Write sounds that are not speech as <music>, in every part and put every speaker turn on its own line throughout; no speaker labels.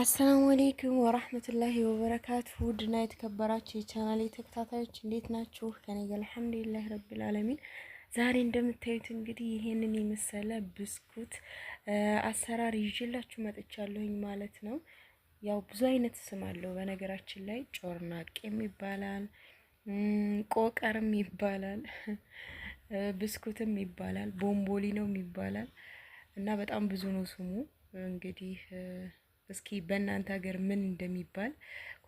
አሰላሙ አሌይኩም ወራህመቱላሂ ወበረካቱ ውድና የተከበራችሁ የቻናሌ ተከታታዮች እንዴት ናችሁ? ከኔ አልሐምዱሊላህ ረብል ዛሬ እንደምታዩት እንግዲህ ይሄንን የመሰለ ብስኩት አሰራር ይዤላችሁ መጥቻለሁኝ ማለት ነው። ያው ብዙ አይነት ስም አለው በነገራችን ላይ ጮርናቄም ይባላል፣ ቆቀርም ይባላል፣ ብስኩትም ይባላል፣ ቦምቦሊኖም ይባላል እና በጣም ብዙ ነው ስሙ እንግዲህ እስኪ በእናንተ ሀገር ምን እንደሚባል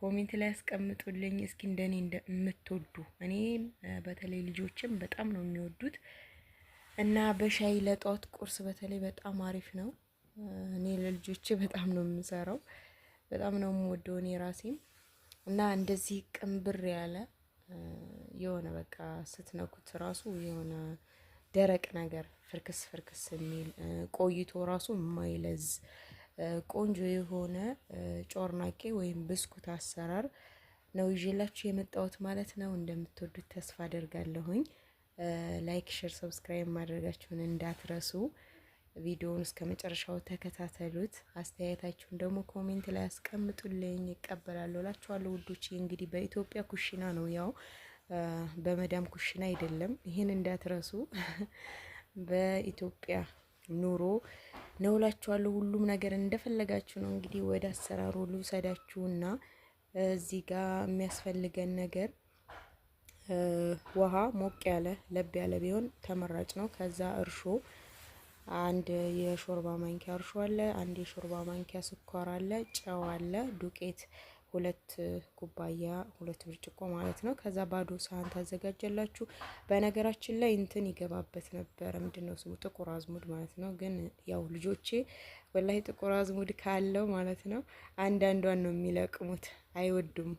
ኮሜንት ላይ ያስቀምጡልኝ። እስኪ እንደኔ እንደምትወዱ እኔ በተለይ ልጆችም በጣም ነው የሚወዱት እና በሻይ ለጧት ቁርስ በተለይ በጣም አሪፍ ነው። እኔ ለልጆቼ በጣም ነው የምሰራው፣ በጣም ነው የምወደው እኔ ራሴም እና እንደዚህ ቅንብር ያለ የሆነ በቃ ስትነኩት ራሱ የሆነ ደረቅ ነገር ፍርክስ ፍርክስ የሚል ቆይቶ ራሱ የማይለዝ ቆንጆ የሆነ ጮርናቄ ወይም ብስኩት አሰራር ነው ይዤላችሁ የመጣሁት ማለት ነው። እንደምትወዱት ተስፋ አደርጋለሁኝ። ላይክ፣ ሼር፣ ሰብስክራይብ ማድረጋችሁን እንዳትረሱ። ቪዲዮውን እስከ መጨረሻው ተከታተሉት። አስተያየታችሁን ደግሞ ኮሜንት ላይ አስቀምጡልኝ፣ ይቀበላሉ እላችኋለሁ ውዶች። እንግዲህ በኢትዮጵያ ኩሽና ነው ያው በመዳም ኩሽና አይደለም። ይህን እንዳትረሱ በኢትዮጵያ ኑሮ ነው እላችኋለሁ። ሁሉም ነገር እንደፈለጋችሁ ነው። እንግዲህ ወደ አሰራሩ ልውሰዳችሁና እዚህ ጋር የሚያስፈልገን ነገር ውሃ ሞቅ ያለ ለብ ያለ ቢሆን ተመራጭ ነው። ከዛ እርሾ አንድ የሾርባ ማንኪያ እርሾ አለ። አንድ የሾርባ ማንኪያ ስኳር አለ። ጨው አለ። ዱቄት ሁለት ኩባያ ሁለት ብርጭቆ ማለት ነው። ከዛ ባዶ ሳህን ታዘጋጀላችሁ። በነገራችን ላይ እንትን ይገባበት ነበረ፣ ምንድን ነው ስሙ? ጥቁር አዝሙድ ማለት ነው። ግን ያው ልጆቼ ወላሂ ጥቁር አዝሙድ ካለው ማለት ነው አንዳንዷን ነው የሚለቅሙት፣ አይወዱም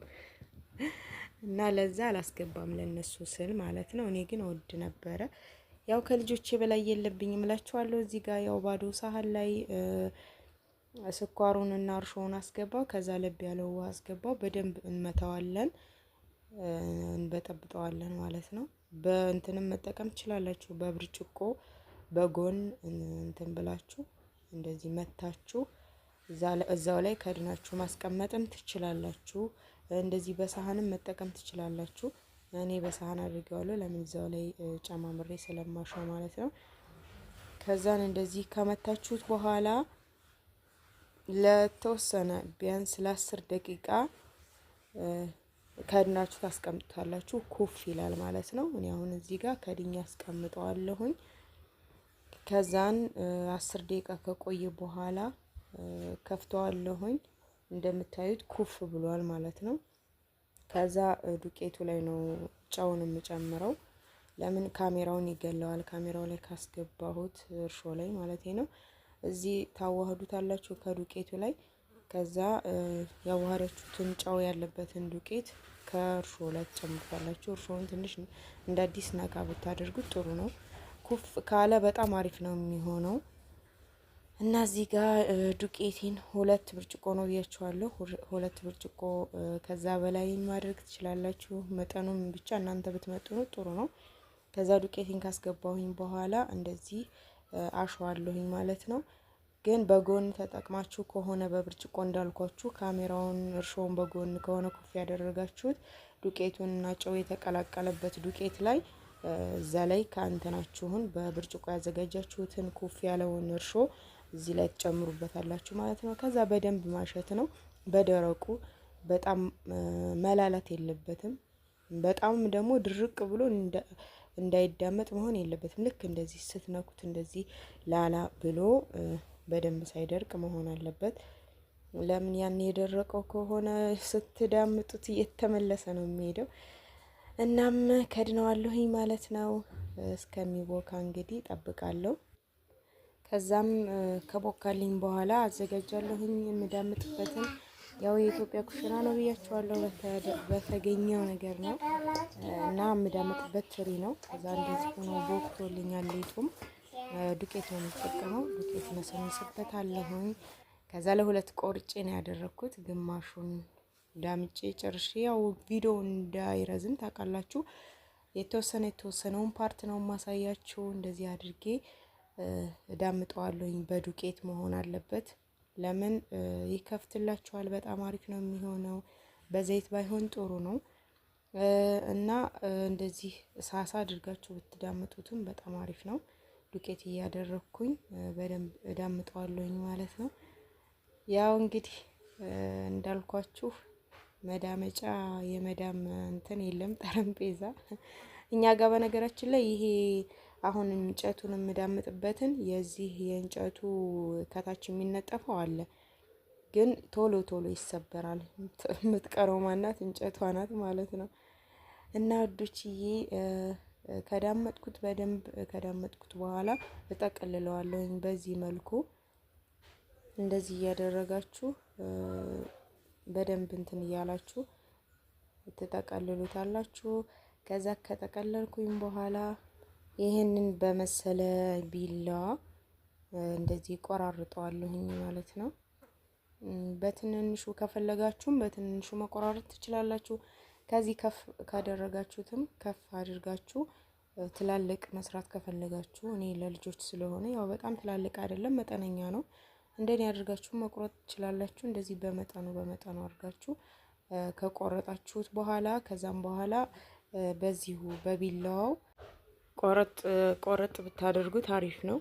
እና ለዛ አላስገባም ለነሱ ስል ማለት ነው። እኔ ግን ወድ ነበረ። ያው ከልጆቼ በላይ የለብኝም እላችኋለሁ። እዚህ ጋር ያው ባዶ ሳህን ላይ ስኳሩን እና እርሾውን አስገባ። ከዛ ለብ ያለው ውሃ አስገባ። በደንብ እንመታዋለን፣ እንበጠብጠዋለን ማለት ነው። በእንትንም መጠቀም ትችላላችሁ። በብርጭቆ በጎን እንትን ብላችሁ እንደዚህ መታችሁ እዛው ላይ ከድናችሁ ማስቀመጥም ትችላላችሁ። እንደዚህ በሳህንም መጠቀም ትችላላችሁ። እኔ በሳህን አድርጌዋለሁ፣ ለምን እዛው ላይ ጨማምሬ ስለማሻው ማለት ነው። ከዛን እንደዚህ ከመታችሁት በኋላ ለተወሰነ ቢያንስ ለአስር ደቂቃ ከድናችሁ ታስቀምጡታላችሁ። ኩፍ ይላል ማለት ነው። እኔ አሁን እዚህ ጋር ከድኛ አስቀምጠዋለሁኝ። ከዛን አስር ደቂቃ ከቆየ በኋላ ከፍተዋለሁኝ። እንደምታዩት ኩፍ ብሏል ማለት ነው። ከዛ ዱቄቱ ላይ ነው ጨውን የምጨምረው። ለምን ካሜራውን ይገለዋል። ካሜራው ላይ ካስገባሁት እርሾ ላይ ማለት ነው። እዚህ ታዋህዱታላችሁ ከዱቄቱ ላይ። ከዛ ያዋሃዳችሁትን ጨው ያለበትን ዱቄት ከእርሾ ላይ ትጨምሩታላችሁ። እርሾውን ትንሽ እንደ አዲስ ነቃ ብታደርጉት ጥሩ ነው። ኩፍ ካለ በጣም አሪፍ ነው የሚሆነው እና እዚህ ጋር ዱቄቴን ሁለት ብርጭቆ ነው ብያችኋለሁ። ሁለት ብርጭቆ ከዛ በላይ ማድረግ ትችላላችሁ። መጠኑም ብቻ እናንተ ብትመጥኑ ጥሩ ነው። ከዛ ዱቄቴን ካስገባሁኝ በኋላ እንደዚህ አሸዋለሁኝ ማለት ነው። ግን በጎን ተጠቅማችሁ ከሆነ በብርጭቆ እንዳልኳችሁ ካሜራውን እርሾውን በጎን ከሆነ ኮፍ ያደረጋችሁት ዱቄቱንና ጨው የተቀላቀለበት ዱቄት ላይ እዛ ላይ ከአንተናችሁን በብርጭቆ ያዘጋጃችሁትን ኩፍ ያለውን እርሾ እዚህ ላይ ትጨምሩበታላችሁ ማለት ነው። ከዛ በደንብ ማሸት ነው በደረቁ በጣም መላላት የለበትም። በጣም ደግሞ ድርቅ ብሎ እንዳይዳመጥ መሆን የለበትም። ልክ እንደዚህ ስትነኩት እንደዚህ ላላ ብሎ በደንብ ሳይደርቅ መሆን አለበት። ለምን ያን የደረቀው ከሆነ ስትዳምጡት እየተመለሰ ነው የሚሄደው። እናም ከድነዋለሁኝ ማለት ነው። እስከሚቦካ እንግዲህ ጠብቃለሁ። ከዛም ከቦካልኝ በኋላ አዘጋጃለሁኝ የምዳምጥበትን ያው የኢትዮጵያ ኩሽና ነው ብያቸዋለሁ። በተገኘው ነገር ነው እና የምዳመጥበት ትሪ ነው። ከዛ እንደዚህ ሆኖ ቦክቶልኛል። ሊጡም ዱቄት ነው የምጠቀመው። ዱቄት ነሰንስበት አለሁኝ። ከዛ ለሁለት ቆርጬ ነው ያደረግኩት። ግማሹን ዳምጬ ጨርሼ፣ ያው ቪዲዮ እንዳይረዝም ታውቃላችሁ፣ የተወሰነ የተወሰነውን ፓርት ነው ማሳያችሁ። እንደዚህ አድርጌ እዳምጠዋለሁኝ። በዱቄት መሆን አለበት። ለምን ይከፍትላችኋል። በጣም አሪፍ ነው የሚሆነው። በዘይት ባይሆን ጥሩ ነው እና እንደዚህ ሳሳ አድርጋችሁ ብትዳምጡትም በጣም አሪፍ ነው። ዱቄት እያደረግኩኝ በደንብ እዳምጠዋለሁኝ ማለት ነው። ያው እንግዲህ እንዳልኳችሁ መዳመጫ የመዳም እንትን የለም ጠረጴዛ እኛ ጋር በነገራችን ላይ ይሄ አሁን እንጨቱን የምዳምጥበትን የዚህ የእንጨቱ ከታች የሚነጠፈው አለ፣ ግን ቶሎ ቶሎ ይሰበራል። የምትቀረው ማናት እንጨቷ ናት ማለት ነው። እና ውዶችዬ ከዳመጥኩት በደንብ ከዳመጥኩት በኋላ እጠቀልለዋለሁኝ በዚህ መልኩ እንደዚህ እያደረጋችሁ በደንብ እንትን እያላችሁ ትጠቀልሉታላችሁ። ከዛ ከጠቀለልኩኝ በኋላ ይህንን በመሰለ ቢላዋ እንደዚህ ቆራርጠዋለሁኝ ማለት ነው። በትንንሹ ከፈለጋችሁም በትንንሹ መቆራረጥ ትችላላችሁ። ከዚህ ከፍ ካደረጋችሁትም ከፍ አድርጋችሁ ትላልቅ መስራት ከፈለጋችሁ እኔ ለልጆች ስለሆነ ያው በጣም ትላልቅ አይደለም፣ መጠነኛ ነው። እንደኔ አድርጋችሁ መቁረጥ ትችላላችሁ። እንደዚህ በመጠኑ በመጠኑ አድርጋችሁ ከቆረጣችሁት በኋላ ከዛም በኋላ በዚሁ በቢላዋው ቆረጥ ቆረጥ ብታደርጉት አሪፍ ነው።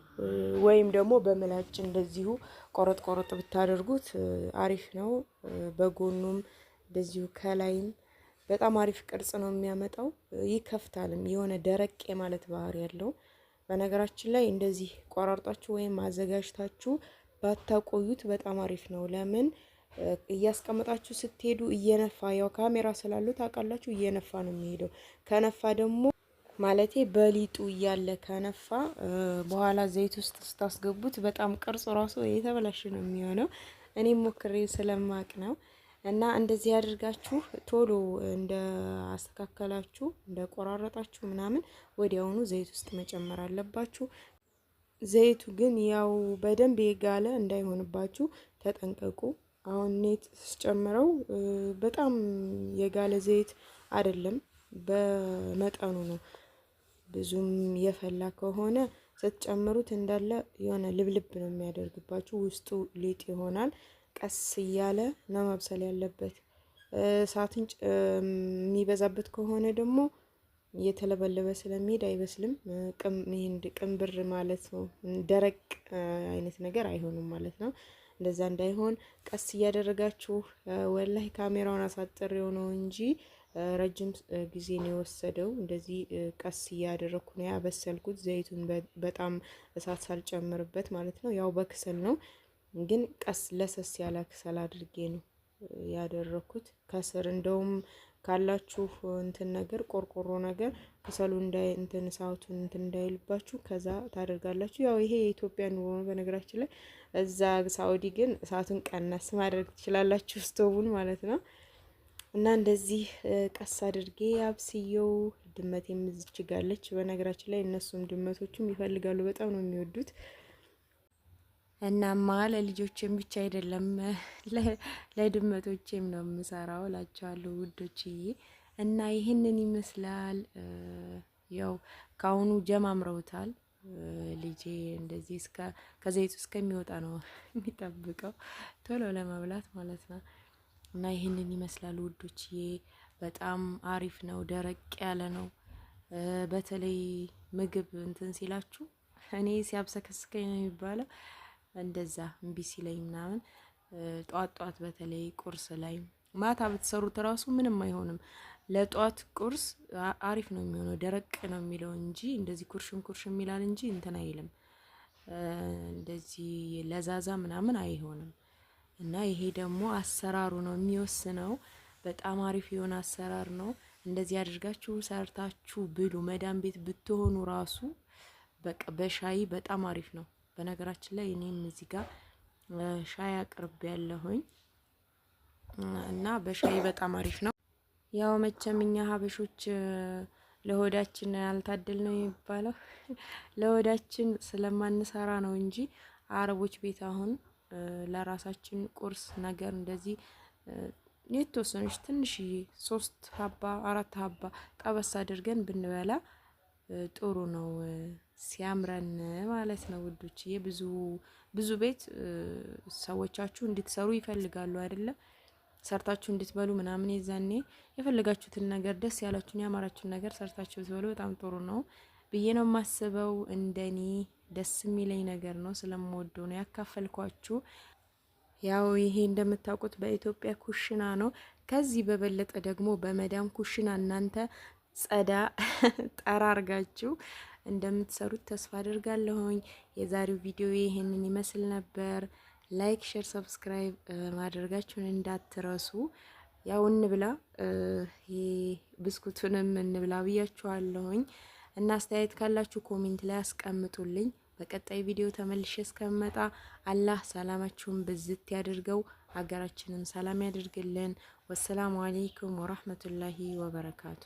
ወይም ደግሞ በምላጭ እንደዚሁ ቆረጥ ቆረጥ ብታደርጉት አሪፍ ነው። በጎኑም እንደዚሁ ከላይም በጣም አሪፍ ቅርጽ ነው የሚያመጣው። ይከፍታልም የሆነ ደረቅ የማለት ባህሪ ያለው። በነገራችን ላይ እንደዚህ ቆራርጣችሁ ወይም አዘጋጅታችሁ ባታቆዩት በጣም አሪፍ ነው። ለምን እያስቀመጣችሁ ስትሄዱ እየነፋ ያው ካሜራ ስላሉ ታውቃላችሁ፣ እየነፋ ነው የሚሄደው። ከነፋ ደግሞ ማለቴ በሊጡ እያለ ከነፋ በኋላ ዘይት ውስጥ ስታስገቡት በጣም ቅርጹ ራሱ የተበላሽ ነው የሚሆነው። እኔም ሞክሬ ስለማቅ ነው። እና እንደዚህ ያድርጋችሁ ቶሎ እንደ አስተካከላችሁ እንደ ቆራረጣችሁ ምናምን ወዲያውኑ ዘይት ውስጥ መጨመር አለባችሁ። ዘይቱ ግን ያው በደንብ የጋለ እንዳይሆንባችሁ ተጠንቀቁ። አሁን ኔት ስጨምረው በጣም የጋለ ዘይት አይደለም፣ በመጠኑ ነው። ብዙም የፈላ ከሆነ ስትጨምሩት እንዳለ የሆነ ልብልብ ነው የሚያደርግባችሁ። ውስጡ ሊጥ ይሆናል። ቀስ እያለ ነው መብሰል ያለበት። እሳትን የሚበዛበት ከሆነ ደግሞ እየተለበለበ ስለሚሄድ አይበስልም። ቅምብር ማለት ነው። ደረቅ አይነት ነገር አይሆንም ማለት ነው። እንደዛ እንዳይሆን ቀስ እያደረጋችሁ ወላይ ካሜራውን አሳጥሬው ነው እንጂ ረጅም ጊዜ ነው የወሰደው። እንደዚህ ቀስ እያደረግኩ ነው ያበሰልኩት። ዘይቱን በጣም እሳት ሳልጨምርበት ማለት ነው። ያው በክሰል ነው ግን ቀስ ለሰስ ያለ ክሰል አድርጌ ነው ያደረኩት ከስር እንደውም ካላችሁ እንትን ነገር ቆርቆሮ ነገር ከሰሉ እንዳይ እንትን ሳውቱን እንትን እንዳይልባችሁ ከዛ ታደርጋላችሁ። ያው ይሄ የኢትዮጵያ ኑሮ ነው በነገራችን ላይ። እዛ ሳውዲ ግን እሳቱን ቀነስ ማድረግ ትችላላችሁ፣ ስቶቡን ማለት ነው። እና እንደዚህ ቀስ አድርጌ አብስየው ድመት የምዝችጋለች። በነገራችን ላይ እነሱም ድመቶቹም ይፈልጋሉ፣ በጣም ነው የሚወዱት። እናማ ለልጆችም ብቻ አይደለም ለድመቶቼም ነው የምሰራው እላቸዋለሁ ውዶችዬ። እና ይህንን ይመስላል። ያው ከአሁኑ ጀማምረውታል። ልጄ እንደዚህ እስከ ከዘይቱ እስከሚወጣ ነው <laughs> የሚጠብቀው ቶሎ ለመብላት ማለት ነው። እና ይህንን ይመስላል ውዶችዬ። በጣም አሪፍ ነው፣ ደረቅ ያለ ነው። በተለይ ምግብ እንትን ሲላችሁ እኔ ሲያብሰከስከኝ ነው የሚባለው እንደዛ እምቢ ሲለኝ ምናምን ጧት ጧት በተለይ ቁርስ ላይ ማታ ብትሰሩት እራሱ ምንም አይሆንም። ለጧት ቁርስ አሪፍ ነው የሚሆነው፣ ደረቅ ነው የሚለው እንጂ እንደዚህ ኩርሽም ኩርሽም ይላል እንጂ እንትን አይልም። እንደዚህ ለዛዛ ምናምን አይሆንም። እና ይሄ ደግሞ አሰራሩ ነው የሚወስነው። በጣም አሪፍ የሆነ አሰራር ነው። እንደዚህ አድርጋችሁ ሰርታችሁ ብሉ። መዳም ቤት ብትሆኑ ራሱ በቃ በሻይ በጣም አሪፍ ነው። በነገራችን ላይ እኔም እዚህ ጋር ሻይ አቅርብ ያለሁኝ እና በሻይ በጣም አሪፍ ነው። ያው መቼም እኛ ሀበሾች ለሆዳችን ያልታደል ነው የሚባለው። <laughs> ለሆዳችን ስለማንሰራ ነው እንጂ አረቦች ቤት አሁን ለራሳችን ቁርስ ነገር እንደዚህ የተወሰነች ትንሽ ሶስት ሀባ አራት ሀባ ጠበስ አድርገን ብንበላ ጥሩ ነው። ሲያምረን ማለት ነው ውዶች። ብዙ ብዙ ቤት ሰዎቻችሁ እንድትሰሩ ይፈልጋሉ አይደለም? ሰርታችሁ እንድትበሉ ምናምን የዛኔ የፈለጋችሁትን ነገር ደስ ያላችሁን ያማራችሁን ነገር ሰርታችሁ ብትበሉ በጣም ጥሩ ነው ብዬ ነው የማስበው። እንደኔ ደስ የሚለኝ ነገር ነው፣ ስለምወደው ነው ያካፈልኳችሁ። ያው ይሄ እንደምታውቁት በኢትዮጵያ ኩሽና ነው። ከዚህ በበለጠ ደግሞ በመዳም ኩሽና እናንተ ጸዳ <laughs> ጠራ አርጋችሁ እንደምትሰሩት ተስፋ አድርጋለሁኝ። የዛሬው ቪዲዮ ይህንን ይመስል ነበር። ላይክ፣ ሼር፣ ሰብስክራይብ ማድረጋችሁን እንዳትረሱ። ያው እንብላ ብስኩቱንም እንብላ ብያችኋለሁኝ እና አስተያየት ካላችሁ ኮሜንት ላይ አስቀምጡልኝ። በቀጣይ ቪዲዮ ተመልሼ እስከመጣ አላህ ሰላማችሁን ብዝት ያድርገው፣ ሀገራችንን ሰላም ያድርግልን። ወሰላሙ አሌይኩም ወራህመቱላሂ ወበረካቱ